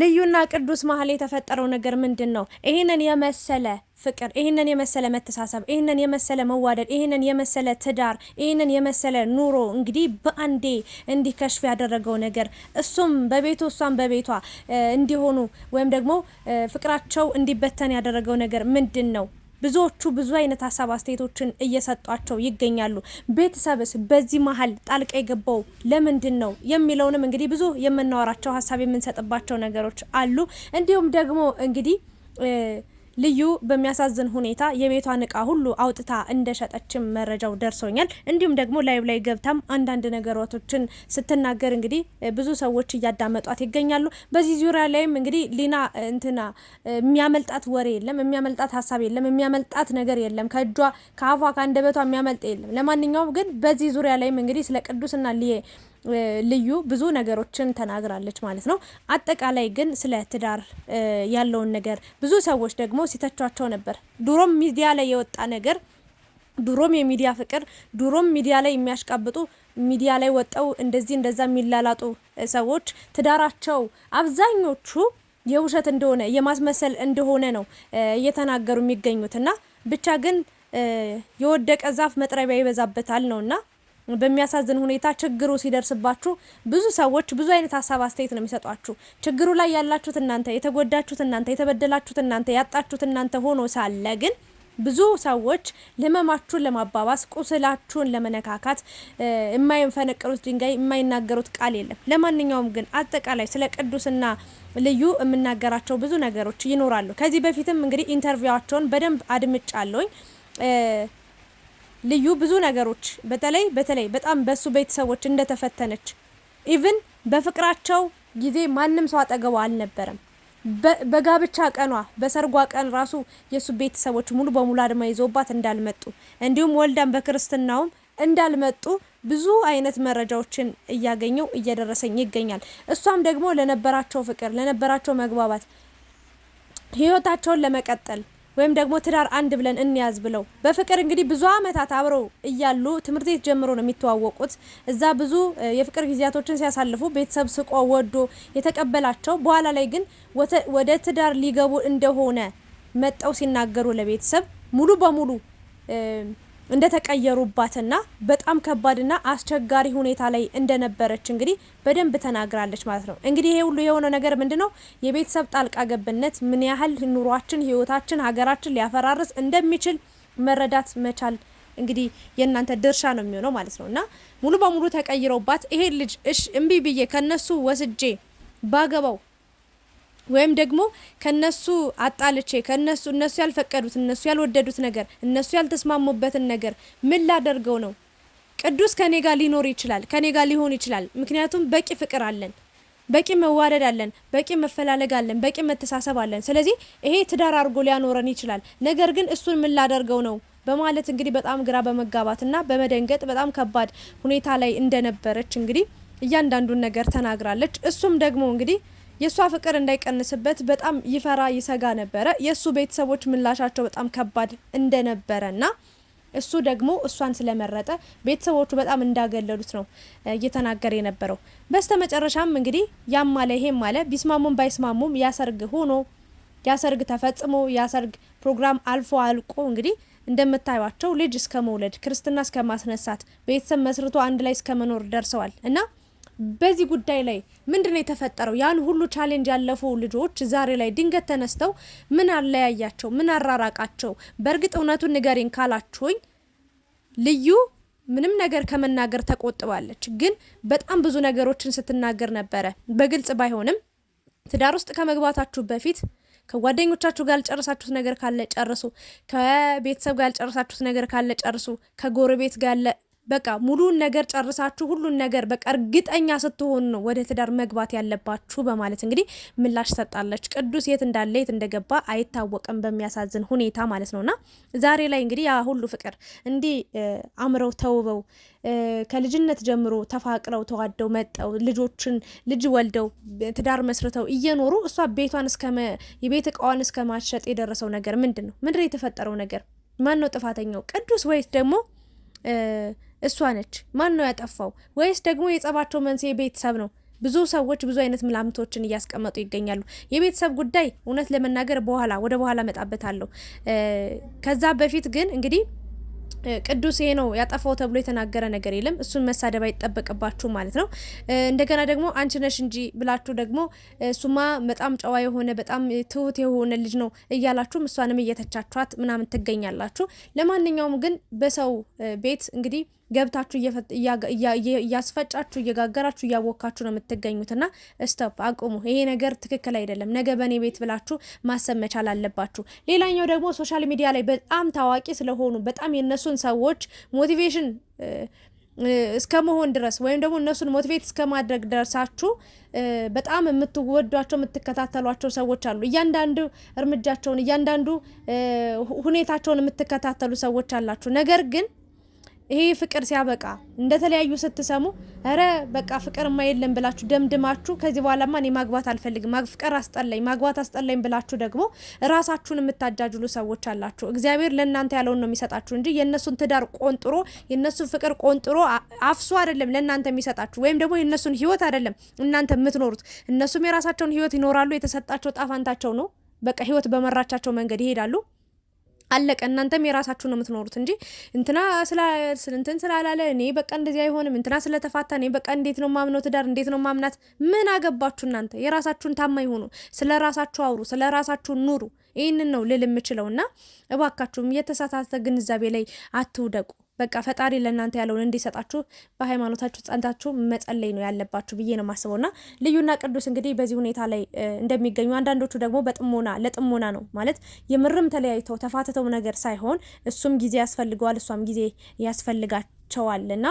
ልዩና ቅዱስ መሀል የተፈጠረው ነገር ምንድን ነው? ይህንን የመሰለ ፍቅር፣ ይህንን የመሰለ መተሳሰብ፣ ይህንን የመሰለ መዋደድ፣ ይህንን የመሰለ ትዳር፣ ይህንን የመሰለ ኑሮ እንግዲህ በአንዴ እንዲከሽፍ ያደረገው ነገር እሱም በቤቱ እሷም በቤቷ እንዲሆኑ ወይም ደግሞ ፍቅራቸው እንዲበተን ያደረገው ነገር ምንድን ነው? ብዙዎቹ ብዙ አይነት ሀሳብ አስተያየቶችን እየሰጧቸው ይገኛሉ። ቤተሰብስ በዚህ መሀል ጣልቃ የገባው ለምንድን ነው የሚለውንም እንግዲህ ብዙ የምናወራቸው ሀሳብ የምንሰጥባቸው ነገሮች አሉ። እንዲሁም ደግሞ እንግዲህ ልዩ በሚያሳዝን ሁኔታ የቤቷን እቃ ሁሉ አውጥታ እንደሸጠችም መረጃው ደርሶኛል። እንዲሁም ደግሞ ላይብ ላይ ገብታም አንዳንድ ነገሮችን ስትናገር እንግዲህ ብዙ ሰዎች እያዳመጧት ይገኛሉ። በዚህ ዙሪያ ላይም እንግዲህ ሊና እንትና የሚያመልጣት ወሬ የለም፣ የሚያመልጣት ሀሳብ የለም፣ የሚያመልጣት ነገር የለም። ከእጇ ከአፏ ከአንደበቷ የሚያመልጥ የለም። ለማንኛውም ግን በዚህ ዙሪያ ላይም እንግዲህ ስለ ቅዱስና ልዬ ልዩ ብዙ ነገሮችን ተናግራለች ማለት ነው። አጠቃላይ ግን ስለ ትዳር ያለውን ነገር ብዙ ሰዎች ደግሞ ሲተቿቸው ነበር። ድሮም ሚዲያ ላይ የወጣ ነገር ድሮም የሚዲያ ፍቅር ድሮም ሚዲያ ላይ የሚያሽቃብጡ ሚዲያ ላይ ወጠው እንደዚህ እንደዛ የሚላላጡ ሰዎች ትዳራቸው አብዛኞቹ የውሸት እንደሆነ የማስመሰል እንደሆነ ነው እየተናገሩ የሚገኙትና ብቻ ግን የወደቀ ዛፍ መጥረቢያ ይበዛበታል ነውና በሚያሳዝን ሁኔታ ችግሩ ሲደርስባችሁ ብዙ ሰዎች ብዙ አይነት ሀሳብ አስተያየት ነው የሚሰጧችሁ። ችግሩ ላይ ያላችሁት እናንተ፣ የተጎዳችሁት እናንተ፣ የተበደላችሁት እናንተ፣ ያጣችሁት እናንተ ሆኖ ሳለ ግን ብዙ ሰዎች ህመማችሁን ለማባባስ ቁስላችሁን ለመነካካት የማይፈነቀሉት ድንጋይ የማይናገሩት ቃል የለም። ለማንኛውም ግን አጠቃላይ ስለ ቅዱስና ልዩ የምናገራቸው ብዙ ነገሮች ይኖራሉ። ከዚህ በፊትም እንግዲህ ኢንተርቪዋቸውን በደንብ አድምጫ አለውኝ ልዩ ብዙ ነገሮች በተለይ በተለይ በጣም በሱ ቤተሰቦች እንደተፈተነች ኢቭን በፍቅራቸው ጊዜ ማንም ሰው አጠገቧ አልነበረም። በጋብቻ ቀኗ በሰርጓ ቀን ራሱ የእሱ ቤተሰቦች ሙሉ በሙሉ አድማ ይዞባት እንዳልመጡ እንዲሁም ወልዳን በክርስትናውም እንዳልመጡ ብዙ አይነት መረጃዎችን እያገኘው እየደረሰኝ ይገኛል። እሷም ደግሞ ለነበራቸው ፍቅር፣ ለነበራቸው መግባባት ህይወታቸውን ለመቀጠል ወይም ደግሞ ትዳር አንድ ብለን እንያዝ ብለው በፍቅር እንግዲህ ብዙ አመታት አብረው እያሉ ትምህርት ቤት ጀምሮ ነው የሚተዋወቁት። እዛ ብዙ የፍቅር ጊዜያቶችን ሲያሳልፉ ቤተሰብ ስቆ ወዶ የተቀበላቸው፣ በኋላ ላይ ግን ወደ ትዳር ሊገቡ እንደሆነ መጠው ሲናገሩ ለቤተሰብ ሙሉ በሙሉ እንደተቀየሩባትና በጣም ከባድና አስቸጋሪ ሁኔታ ላይ እንደነበረች እንግዲህ በደንብ ተናግራለች ማለት ነው። እንግዲህ ይሄ ሁሉ የሆነው ነገር ምንድነው? የቤተሰብ ጣልቃ ገብነት ምን ያህል ኑሯችን፣ ህይወታችን፣ ሀገራችን ሊያፈራርስ እንደሚችል መረዳት መቻል እንግዲህ የእናንተ ድርሻ ነው የሚሆነው ማለት ነው። እና ሙሉ በሙሉ ተቀይረውባት ይሄ ልጅ እሽ እምቢ ብዬ ከነሱ ወስጄ ባገባው ወይም ደግሞ ከነሱ አጣልቼ ከነሱ እነሱ ያልፈቀዱት እነሱ ያልወደዱት ነገር እነሱ ያልተስማሙበትን ነገር ምን ላደርገው ነው? ቅዱስ ከኔ ጋር ሊኖር ይችላል፣ ከኔ ጋር ሊሆን ይችላል። ምክንያቱም በቂ ፍቅር አለን፣ በቂ መዋደድ አለን፣ በቂ መፈላለግ አለን፣ በቂ መተሳሰብ አለን። ስለዚህ ይሄ ትዳር አድርጎ ሊያኖረን ይችላል። ነገር ግን እሱን ምን ላደርገው ነው በማለት እንግዲህ በጣም ግራ በመጋባትና በመደንገጥ በጣም ከባድ ሁኔታ ላይ እንደነበረች እንግዲህ እያንዳንዱን ነገር ተናግራለች። እሱም ደግሞ እንግዲህ የእሷ ፍቅር እንዳይቀንስበት በጣም ይፈራ ይሰጋ ነበረ። የእሱ ቤተሰቦች ምላሻቸው በጣም ከባድ እንደነበረና እሱ ደግሞ እሷን ስለመረጠ ቤተሰቦቹ በጣም እንዳገለሉት ነው እየተናገረ የነበረው። በስተ መጨረሻም እንግዲህ ያም አለ ይሄም አለ ቢስማሙም ባይስማሙም ያሰርግ ሆኖ ያሰርግ ተፈጽሞ ያሰርግ ፕሮግራም አልፎ አልቆ እንግዲህ እንደምታዩቸው ልጅ እስከ መውለድ ክርስትና እስከ ማስነሳት ቤተሰብ መስርቶ አንድ ላይ እስከ መኖር ደርሰዋል እና በዚህ ጉዳይ ላይ ምንድነው የተፈጠረው? ያን ሁሉ ቻሌንጅ ያለፉ ልጆች ዛሬ ላይ ድንገት ተነስተው ምን አለያያቸው? ምን አራራቃቸው? በእርግጥ እውነቱን ንገሪን ካላችሁኝ ልዩ ምንም ነገር ከመናገር ተቆጥባለች። ግን በጣም ብዙ ነገሮችን ስትናገር ነበረ። በግልጽ ባይሆንም ትዳር ውስጥ ከመግባታችሁ በፊት ከጓደኞቻችሁ ጋር ያልጨረሳችሁት ነገር ካለ ጨርሱ፣ ከቤተሰብ ጋር ያልጨረሳችሁት ነገር ካለ ጨርሱ፣ ከጎረቤት ጋር በቃ ሙሉን ነገር ጨርሳችሁ ሁሉን ነገር በቃ እርግጠኛ ስትሆኑ ነው ወደ ትዳር መግባት ያለባችሁ በማለት እንግዲህ ምላሽ ሰጣለች። ቅዱስ የት እንዳለ የት እንደገባ አይታወቅም በሚያሳዝን ሁኔታ ማለት ነውና ዛሬ ላይ እንግዲህ ያ ሁሉ ፍቅር እንዲህ አምረው ተውበው ከልጅነት ጀምሮ ተፋቅረው ተዋደው መጠው ልጆችን ልጅ ወልደው ትዳር መስርተው እየኖሩ እሷ ቤቷን የቤት እቃዋን እስከ ማሸጥ የደረሰው ነገር ምንድን ነው? ምንድን የተፈጠረው ነገር? ማን ነው ጥፋተኛው? ቅዱስ ወይስ ደግሞ እሷ ነች? ማን ነው ያጠፋው? ወይስ ደግሞ የጸባቸው መንስኤ ቤተሰብ ነው? ብዙ ሰዎች ብዙ አይነት ምላምቶችን እያስቀመጡ ይገኛሉ። የቤተሰብ ጉዳይ እውነት ለመናገር በኋላ ወደ በኋላ አለው። ከዛ በፊት ግን እንግዲህ ቅዱስ ይሄ ነው ያጠፋው ተብሎ የተናገረ ነገር የለም። እሱን መሳደብ አይጠበቅባችሁ ማለት ነው። እንደገና ደግሞ አንቺ ነሽ እንጂ ብላችሁ ደግሞ እሱማ በጣም ጨዋ የሆነ በጣም ትሁት የሆነ ልጅ ነው እያላችሁም እሷንም እየተቻችኋት ምናምን ትገኛላችሁ። ለማንኛውም ግን በሰው ቤት እንግዲህ ገብታችሁ እያስፈጫችሁ እየጋገራችሁ እያቦካችሁ ነው ና ስቶፕ አቁሙ። ይሄ ነገር ትክክል አይደለም። ነገ በእኔ ቤት ብላችሁ ማሰብ መቻል አለባችሁ። ሌላኛው ደግሞ ሶሻል ሚዲያ ላይ በጣም ታዋቂ ስለሆኑ በጣም የነሱን ሰዎች ሞቲቬሽን እስከ መሆን ድረስ ወይም ደግሞ እነሱን ሞቲቬት እስከ ማድረግ ደርሳችሁ በጣም የምትወዷቸው የምትከታተሏቸው ሰዎች አሉ። እያንዳንዱ እርምጃቸውን እያንዳንዱ ሁኔታቸውን የምትከታተሉ ሰዎች አላችሁ። ነገር ግን ይሄ ፍቅር ሲያበቃ እንደተለያዩ ስትሰሙ እረ በቃ ፍቅርማ የለም ብላችሁ ደምድማችሁ ከዚህ በኋላማ እኔ ማግባት አልፈልግም ፍቅር አስጠላኝ ማግባት አስጠላኝ ብላችሁ ደግሞ ራሳችሁን የምታጃጅሉ ሰዎች አላችሁ። እግዚአብሔር ለእናንተ ያለውን ነው የሚሰጣችሁ እንጂ የእነሱን ትዳር ቆንጥሮ የእነሱን ፍቅር ቆንጥሮ አፍሶ አይደለም ለእናንተ የሚሰጣችሁ፣ ወይም ደግሞ የእነሱን ህይወት አይደለም እናንተ የምትኖሩት። እነሱም የራሳቸውን ህይወት ይኖራሉ። የተሰጣቸው ጣፋንታቸው ነው። በቃ ህይወት በመራቻቸው መንገድ ይሄዳሉ። አለቀ። እናንተም የራሳችሁ ነው የምትኖሩት እንጂ እንትና እንትን ስላላለ እኔ በቃ እንደዚህ አይሆንም፣ እንትና ስለተፋታ እኔ በቃ እንዴት ነው ማምነው ትዳር እንዴት ነው ማምናት? ምን አገባችሁ እናንተ። የራሳችሁን ታማኝ ሆኑ፣ ስለ ራሳችሁ አውሩ፣ ስለ ራሳችሁ ኑሩ። ይህንን ነው ልል የምችለው እና እባካችሁም የተሳሳተ ግንዛቤ ላይ አትውደቁ። በቃ ፈጣሪ ለእናንተ ያለውን እንዲሰጣችሁ በሃይማኖታችሁ ጸንታችሁ መጸለይ ነው ያለባችሁ ብዬ ነው የማስበው። እና ልዩና ቅዱስ እንግዲህ በዚህ ሁኔታ ላይ እንደሚገኙ አንዳንዶቹ ደግሞ በጥሞና ለጥሞና ነው ማለት የምርም ተለያይተው ተፋትተው ነገር ሳይሆን እሱም ጊዜ ያስፈልገዋል፣ እሷም ጊዜ ያስፈልጋቸዋል እና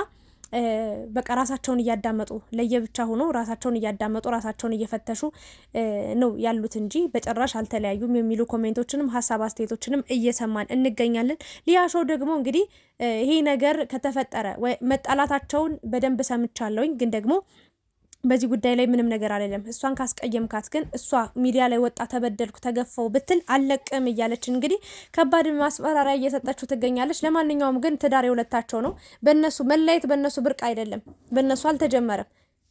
በቃ ራሳቸውን እያዳመጡ ለየብቻ ሆኖ ራሳቸውን እያዳመጡ ራሳቸውን እየፈተሹ ነው ያሉት እንጂ በጭራሽ አልተለያዩም የሚሉ ኮሜንቶችንም ሀሳብ አስተያየቶችንም እየሰማን እንገኛለን። ሊያሾ ደግሞ እንግዲህ ይሄ ነገር ከተፈጠረ መጣላታቸውን በደንብ ሰምቻለሁኝ ግን ደግሞ በዚህ ጉዳይ ላይ ምንም ነገር አልለም። እሷን ካስቀየምካት ግን እሷ ሚዲያ ላይ ወጣ ተበደልኩ፣ ተገፋው ብትል አለቅም እያለች እንግዲህ ከባድ ማስፈራሪያ እየሰጠችው ትገኛለች። ለማንኛውም ግን ትዳር የሁለታቸው ነው። በእነሱ መለየት በእነሱ ብርቅ አይደለም፣ በእነሱ አልተጀመረም።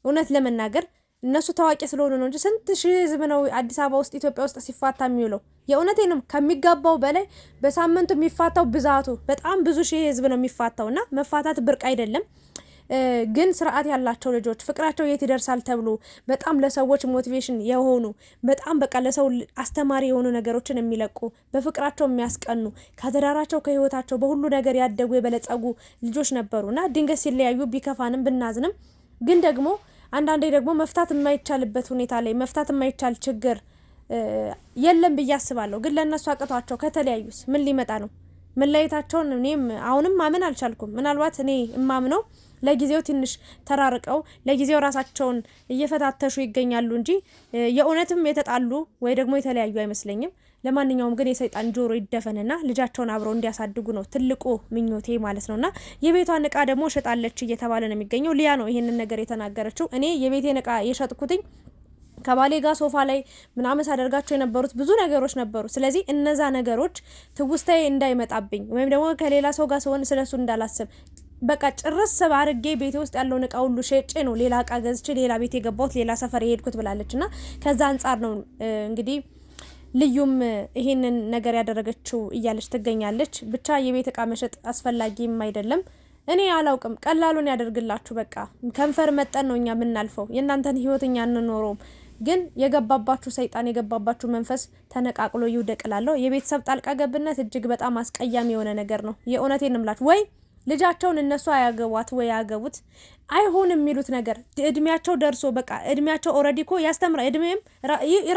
እውነት ለመናገር እነሱ ታዋቂ ስለሆኑ ነው እንጂ ስንት ሺህ ህዝብ ነው አዲስ አበባ ውስጥ ኢትዮጵያ ውስጥ ሲፋታ የሚውለው። የእውነቴንም ከሚጋባው በላይ በሳምንቱ የሚፋታው ብዛቱ በጣም ብዙ ሺህ ህዝብ ነው የሚፋታው እና መፋታት ብርቅ አይደለም። ግን ስርዓት ያላቸው ልጆች ፍቅራቸው የት ይደርሳል ተብሎ በጣም ለሰዎች ሞቲቬሽን የሆኑ በጣም በቃ ለሰው አስተማሪ የሆኑ ነገሮችን የሚለቁ በፍቅራቸው የሚያስቀኑ ከትዳራቸው ከህይወታቸው በሁሉ ነገር ያደጉ የበለጸጉ ልጆች ነበሩ እና ድንገት ሲለያዩ ቢከፋንም ብናዝንም ግን ደግሞ አንዳንዴ ደግሞ መፍታት የማይቻልበት ሁኔታ ላይ መፍታት የማይቻል ችግር የለም ብዬ አስባለሁ። ግን ለእነሱ አቅቷቸው ከተለያዩስ ምን ሊመጣ ነው? መለየታቸውን እኔም አሁንም ማመን አልቻልኩም። ምናልባት እኔ እማምነው ለጊዜው ትንሽ ተራርቀው ለጊዜው ራሳቸውን እየፈታተሹ ይገኛሉ እንጂ የእውነትም የተጣሉ ወይ ደግሞ የተለያዩ አይመስለኝም። ለማንኛውም ግን የሰይጣን ጆሮ ይደፈንና ልጃቸውን አብረው እንዲያሳድጉ ነው ትልቁ ምኞቴ ማለት ነውና የቤቷን እቃ ደግሞ ሸጣለች እየተባለ ነው የሚገኘው። ሊያ ነው ይህንን ነገር የተናገረችው። እኔ የቤቴን እቃ የሸጥኩትኝ ከባሌ ጋር ሶፋ ላይ ምናምን ሳደርጋቸው የነበሩት ብዙ ነገሮች ነበሩ። ስለዚህ እነዛ ነገሮች ትውስታዬ እንዳይመጣብኝ ወይም ደግሞ ከሌላ ሰው ጋር ስሆን ስለሱ እንዳላስብ በቃ ጭርስ አድርጌ ቤቴ ውስጥ ያለውን እቃ ሁሉ ሸጬ ነው ሌላ እቃ ገዝቼ ሌላ ቤት የገባሁት ሌላ ሰፈር የሄድኩት ብላለች። እና ከዛ አንጻር ነው እንግዲህ ልዩም ይሄንን ነገር ያደረገችው እያለች ትገኛለች። ብቻ የቤት እቃ መሸጥ አስፈላጊም አይደለም። እኔ አላውቅም። ቀላሉን ያደርግላችሁ። በቃ ከንፈር መጠን ነው እኛ የምናልፈው፣ የእናንተን ህይወት እኛ እንኖረውም። ግን የገባባችሁ ሰይጣን የገባባችሁ መንፈስ ተነቃቅሎ ይውደቅላለሁ። የቤተሰብ ጣልቃ ገብነት እጅግ በጣም አስቀያሚ የሆነ ነገር ነው። የእውነቴን እምላችሁ ወይ ልጃቸውን እነሱ አያገቧት ወይ ያገቡት አይሁን የሚሉት ነገር እድሜያቸው ደርሶ በቃ እድሜያቸው ኦልሬዲ እኮ ያስተምራ እድሜም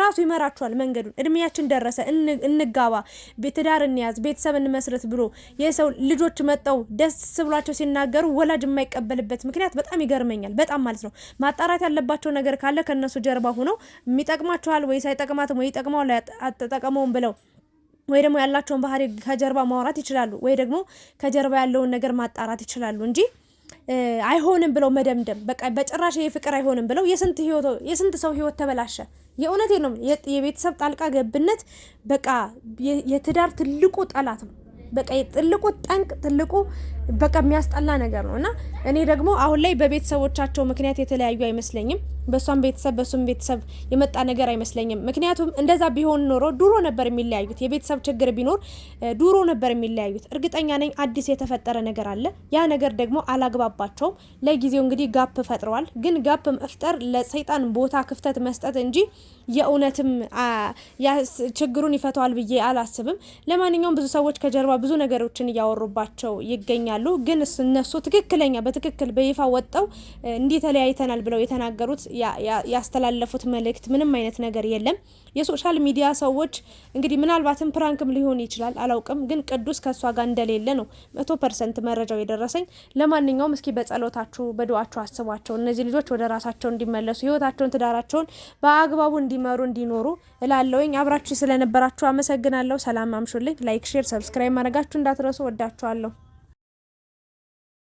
ራሱ ይመራቸዋል መንገዱን። እድሜያችን ደረሰ እንጋባ፣ ትዳር እንያዝ፣ ቤተሰብ እንመስረት ብሎ የሰው ልጆች መጠው ደስ ብሏቸው ሲናገሩ ወላጅ የማይቀበልበት ምክንያት በጣም ይገርመኛል። በጣም ማለት ነው። ማጣራት ያለባቸው ነገር ካለ ከእነሱ ጀርባ ሆነው የሚጠቅማችኋል ወይ ሳይጠቅማትም ወይ ይጠቅመዋል አልተጠቀመውም ብለው ወይ ደግሞ ያላቸውን ባህሪ ከጀርባ ማውራት ይችላሉ፣ ወይ ደግሞ ከጀርባ ያለውን ነገር ማጣራት ይችላሉ እንጂ አይሆንም ብለው መደምደም በቃ በጭራሽ ይሄ ፍቅር አይሆንም ብለው የስንት ህይወት የስንት ሰው ህይወት ተበላሸ። የእውነቴ ነው። የቤተሰብ ጣልቃ ገብነት በቃ የትዳር ትልቁ ጠላት ነው። በቃ ትልቁ ጠንቅ፣ ትልቁ በቃ የሚያስጠላ ነገር ነው እና እኔ ደግሞ አሁን ላይ በቤተሰቦቻቸው ምክንያት የተለያዩ አይመስለኝም። በእሷም ቤተሰብ በእሱም ቤተሰብ የመጣ ነገር አይመስለኝም። ምክንያቱም እንደዛ ቢሆን ኖሮ ድሮ ነበር የሚለያዩት። የቤተሰብ ችግር ቢኖር ድሮ ነበር የሚለያዩት። እርግጠኛ ነኝ አዲስ የተፈጠረ ነገር አለ። ያ ነገር ደግሞ አላግባባቸውም። ለጊዜው እንግዲህ ጋፕ ፈጥረዋል። ግን ጋፕ መፍጠር ለሰይጣን ቦታ ክፍተት መስጠት እንጂ የእውነትም ችግሩን ይፈተዋል ብዬ አላስብም። ለማንኛውም ብዙ ሰዎች ከጀርባ ብዙ ነገሮችን እያወሩባቸው ይገኛል። ይገኛሉ። ግን እነሱ ትክክለኛ በትክክል በይፋ ወጠው እንዲህ ተለያይተናል ብለው የተናገሩት ያስተላለፉት መልእክት ምንም አይነት ነገር የለም። የሶሻል ሚዲያ ሰዎች እንግዲህ ምናልባትም ፕራንክም ሊሆን ይችላል አላውቅም። ግን ቅዱስ ከእሷ ጋር እንደሌለ ነው መቶ ፐርሰንት መረጃው የደረሰኝ። ለማንኛውም እስኪ በጸሎታችሁ በዱዋችሁ አስቧቸው። እነዚህ ልጆች ወደ ራሳቸው እንዲመለሱ ህይወታቸውን፣ ትዳራቸውን በአግባቡ እንዲመሩ እንዲኖሩ እላለውኝ። አብራችሁ ስለነበራችሁ አመሰግናለሁ። ሰላም አምሹልኝ። ላይክ፣ ሼር፣ ሰብስክራይብ ማድረጋችሁ እንዳትረሱ። ወዳችኋለሁ።